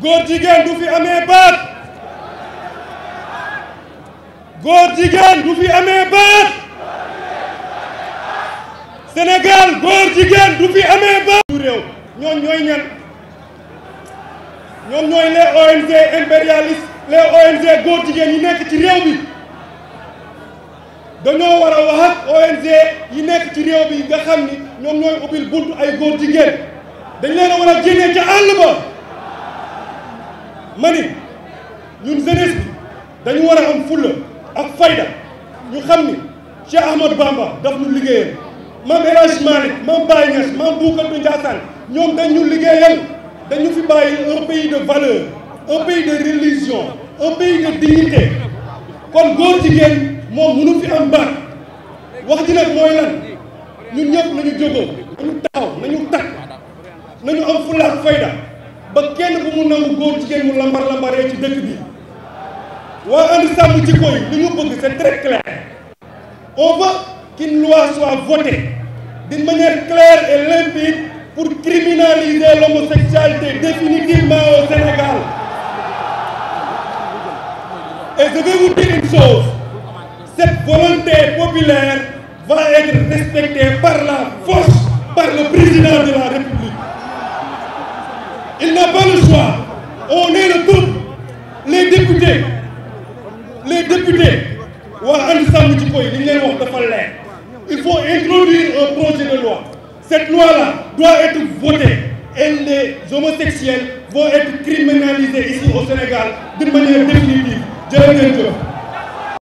góor jigéen du fi amee baat góor jigéen du du fi amee baat du réew ñoom ñooy ñan ñoom ñooy les ONG impérialistes les ONG góor jigéen yi nekk ci réew bi dañoo war a wax ONG yi nekk ci réew bi nga xam ni ñoom ubbil buntu ay góor jigéen dañ leen a war a génne ca àll ba ma ni ñun jeunesse bi dañu war a am fulla ak fayda ñu xam ni Cheikh Ahmadou Bamba daf ñu liggéeyal maam El Hadj Malick maam Baye Niass maam Boucar bi Ndiassane ñoom dañ ñu liggéeyal dañu fi bàyyi un pays de valeur un pays de religion un pays de dignité kon góor jigéen moom mënu fi am baat wax ji nag mooy lan ñun ñëpp nañu jógoo nañu taxaw nañu takk nañu am fulla ak fayda ba kenn bu mu nangu góor jigéen mu lambar lambaree ci dëkk bi waa ànd sàmm jikko yi li ñu bëgg c'est très clair on veut qu'une loi soit votée manière claire et limpide pour criminaliser l'homosexualité définitivement au Sénégal et je vais vous dire une volonté populaire va être respectée par la force par le président de la n'a pas le On est le Les députés. Les députés. Il faut introduire un projet de loi. Cette loi-là doit être votée et les homosexuels vont être criminalisés ici au Sénégal de manière définitive.